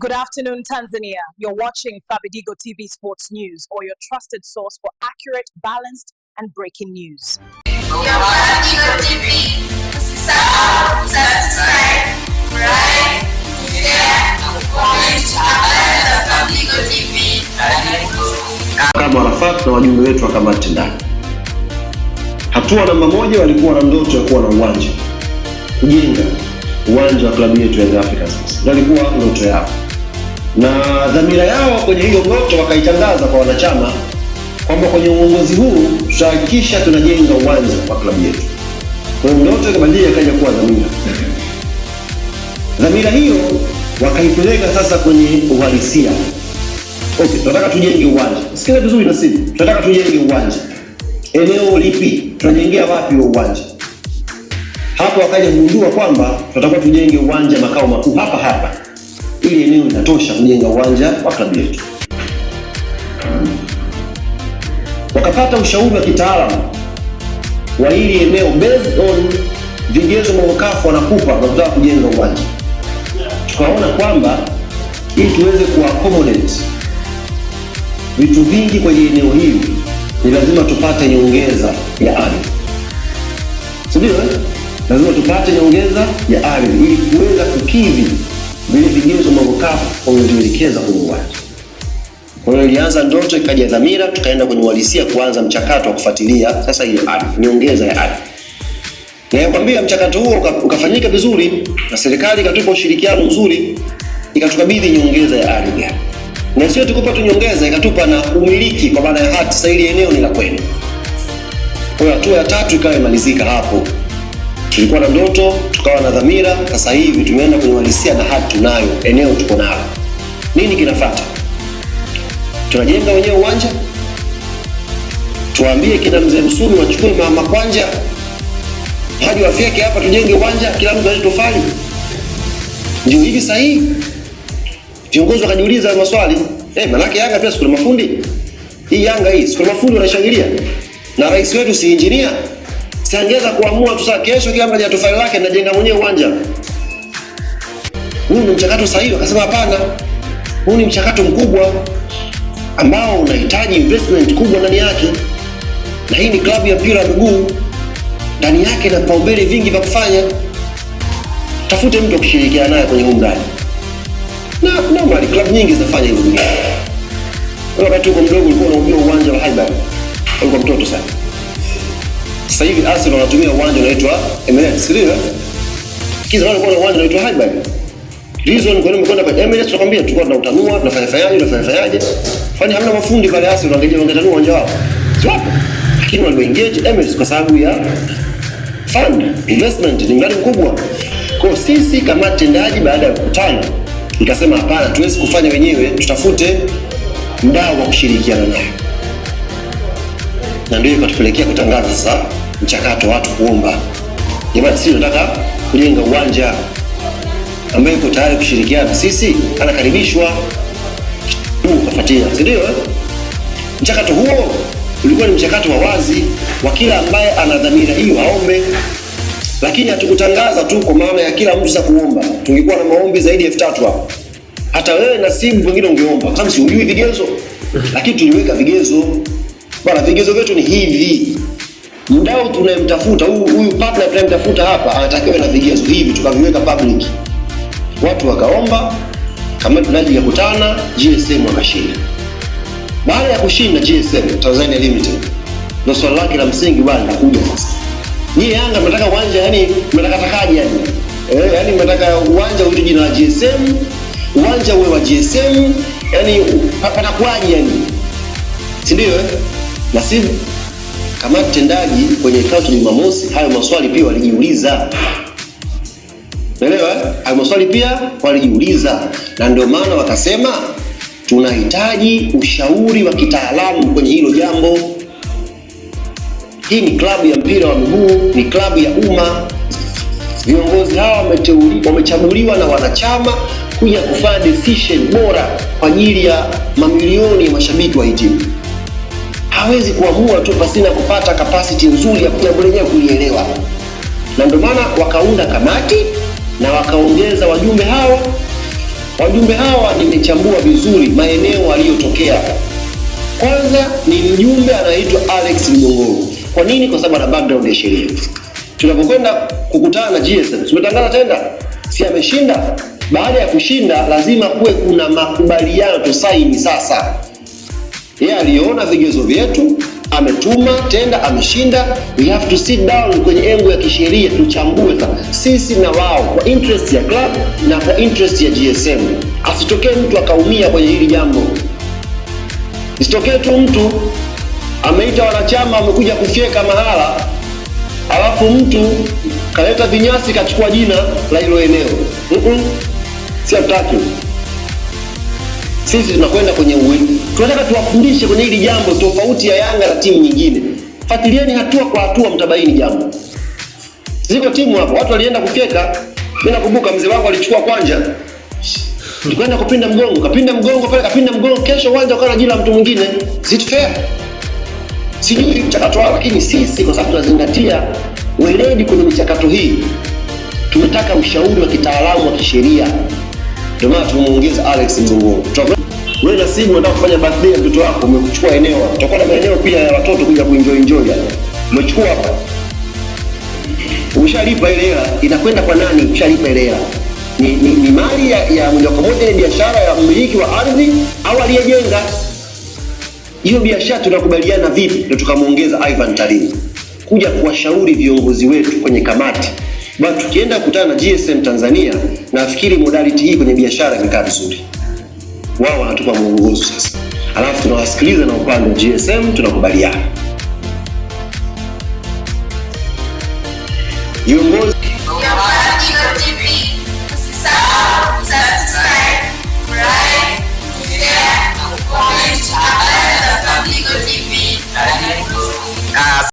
Good afternoon, Tanzania. You're watching Fabidigo TV Sports News or your trusted source for accurate, balanced, and breaking news. na wajumbe wetu wa kamati ndani hatua namba moja, walikuwa na ndoto ya kuwa na uwanja kujenga uwanja wa klabu yetu ya Africans, ndio ilikuwa ndoto yao na dhamira yao kwenye hiyo ndoto wakaitangaza kwa wanachama kwamba kwenye uongozi huu tutahakikisha tunajenga uwanja wa klabu yetu. Kwa hiyo ndoto ikabadilika ikaja kuwa dhamira. Dhamira hiyo wakaipeleka sasa kwenye uhalisia. Okay, tunataka tujenge uwanja. Sikia vizuri na sisi. Tunataka tujenge uwanja. Eneo lipi? Tunajengea wapi wa uwanja? Hapo wakaja kugundua kwamba tunatakiwa tujenge uwanja makao makuu hapa hapa ili eneo linatosha kujenga uwanja wa klabu yetu. Wakapata ushauri wa kitaalamu wa hili eneo based on vigezo ambavyo CAF wanakupa unataka kujenga uwanja. Tukaona kwamba ili tuweze kuaccommodate vitu vingi kwenye eneo hili ni lazima tupate nyongeza ya ardhi, sindio? Eh? Lazima tupate nyongeza ya ardhi ili kuweza kukidhi vile vigezo kwa ulivyoelekeza huu uwanja. Kwa hiyo ilianza ndoto ikaja dhamira, tukaenda kwenye uhalisia kuanza mchakato wa kufuatilia sasa hiyo ardhi, niongeza ya ardhi. Nakwambia mchakato huo ukafanyika vizuri na serikali ikatupa ushirikiano mzuri, ikatukabidhi nyongeza ya ardhi. Na sio tukupa tu nyongeza, ikatupa na umiliki kwa maana ya hati. Sasa ile eneo ni la kwenu. Kwa hiyo hatua ya tatu ikawa imalizika hapo. Tulikuwa na ndoto, tukawa na dhamira, sasa hivi tumeenda kwenye uhalisia na hati tunayo, eneo tuko nalo. Nini kinafuata? Tunajenga wenyewe uwanja, tuambie kina mzee Msumi wachukue mama kwanja hadi wafyeke hapa, tujenge uwanja, kila mtu aje tofali. Ndio hivi sasa hivi Viongozi wakajiuliza maswali eh, manake Yanga pia sikuna mafundi hii Yanga hii sikuna mafundi wanashangilia na rais wetu si injinia Sangeza kuamua tu sasa kesho kila mmoja tofali lake najenga mwenyewe uwanja. Huu ni mchakato sahihi, akasema hapana. Huu ni mchakato mkubwa ambao unahitaji investment kubwa ndani yake. Na hii ni klabu ya mpira wa miguu, ndani yake na vipaumbele vingi vya kufanya. Tafute mtu kushirikiana naye kwenye huu mradi. Na normally klabu nyingi zinafanya hivyo. Wakati uko mdogo ulikuwa unaujua uwanja wa Hyderabad, Ulikuwa mtoto sana. Sasa hivi Arsenal wanatumia uwanja unaitwa Emirates, si ndio? Kiza wale kwa uwanja unaitwa Highbury. Reason kwa nini mkwenda kwa Emirates tunakwambia tulikuwa tunautanua, tunafanya fayaje, tunafanya fayaje. Fanya hamna mafundi pale Arsenal wangeje wangetanua uwanja wao. Sio hapo. Lakini wale engage Emirates kwa sababu ya fund investment ni ngali mkubwa. Kwa sisi kama tendaji baada ya kukutana nikasema hapana, tuwezi kufanya wenyewe, tutafute mdau wa kushirikiana naye na ndio ikatupelekea kutangaza sasa mchakato watu kuomba. Jamani, sisi tunataka kujenga uwanja ambaye yuko tayari kushirikiana na sisi anakaribishwa. ukafuatia, si ndio? Eh? Mchakato huo ulikuwa ni mchakato wa wazi wa kila ambaye ana dhamira hiyo aombe, lakini hatukutangaza tu kwa maana ya kila mtu za kuomba. Tungekuwa na maombi zaidi ya elfu tatu hapo, hata wewe na simu wengine ungeomba, kama si ujui vigezo, lakini tuliweka vigezo bwana. Vigezo vyetu ni hivi mdau tunayemtafuta huyu partner tunayemtafuta hapa anatakiwa na vigezo hivi, tukaviweka public, watu wakaomba, kama tunaji ya kutana GSM wakashinda. Baada ya kushinda GSM Tanzania Limited, ndio swali lake la msingi bwana, nakuja sasa. Nyie Yanga mnataka uwanja yani, mnataka takaji yani, eh, yani mnataka uwanja uitwe jina la GSM, uwanja uwe wa GSM, yani patakuwaje yani, si ndio eh? na sivyo Kamati tendaji kwenye kikao cha Jumamosi, hayo maswali pia walijiuliza. naelewa eh? Hayo maswali pia walijiuliza, na ndio maana wakasema tunahitaji ushauri wa kitaalamu kwenye hilo jambo. Hii ni klabu ya mpira wa miguu, ni klabu ya umma. Viongozi hawa wamechaguliwa na wanachama kuja kufanya decision bora kwa ajili ya mamilioni ya mashabiki wa hii timu hawezi kuamua tu pasina kupata kapasiti nzuri ya jambo lenyewe kulielewa, na ndio maana wakaunda kamati na wakaongeza wajumbe hawa. Wajumbe hawa nimechambua vizuri maeneo aliyotokea. Kwanza ni mjumbe anaitwa Alex Mgongoro. Kwa nini? Kwa sababu ana background ya sheria. Tunapokwenda kukutana na GSM, tumetangaza tenda, si ameshinda. Baada ya kushinda, lazima kuwe kuna makubaliano tusaini sasa yeye aliona vigezo vyetu, ametuma tenda, ameshinda. We have to sit down kwenye engo ya kisheria, tuchambue sasa sisi na wao, kwa interest ya club na kwa interest ya GSM. Asitokee mtu akaumia kwenye hili jambo, isitokee tu mtu ameita wanachama amekuja kufyeka mahala, alafu mtu kaleta vinyasi kachukua jina la hilo eneo. Mm -mm. Si hataki sisi tunakwenda kwenye uwingi. Tunataka tuwafundishe kwenye hili jambo, tofauti ya Yanga na timu nyingine. Fuatilieni hatua kwa hatua, mtabaini jambo. Ziko timu hapo watu walienda kufyeka. Mimi nakumbuka mzee wangu alichukua kwanja, tukwenda kupinda mgongo, kapinda mgongo pale, kapinda mgongo, kesho uwanja ukawa jina la mtu mwingine. Is fair? Sijui mchakato wao, lakini sisi kwa sababu tunazingatia weledi kwenye michakato hii, tunataka ushauri wa kitaalamu wa kisheria. Ndio maana tumemuingiza Alex Mzunguru. Wewe na Sibu unataka kufanya birthday ya mtoto wako, umechukua eneo. Tutakuwa na maeneo pia ya watoto kuja kuenjoy enjoy hapa. Umechukua hapa. Umeshalipa ile hela, inakwenda kwa nani? Umeshalipa ile hela. Ni, ni, ni mali ya, ya moja kwa moja ni biashara ya mmiliki wa ardhi au aliyejenga. Hiyo biashara tunakubaliana vipi? Ndio tukamuongeza Ivan Tarini kuja kuwashauri viongozi wetu kwenye kamati Bwana, tukienda kukutana na GSM Tanzania, nafikiri modality hii kwenye biashara imekaa vizuri. Wao wanatupa mwongozo sasa, alafu tunawasikiliza na upande wa GSM tunakubaliana.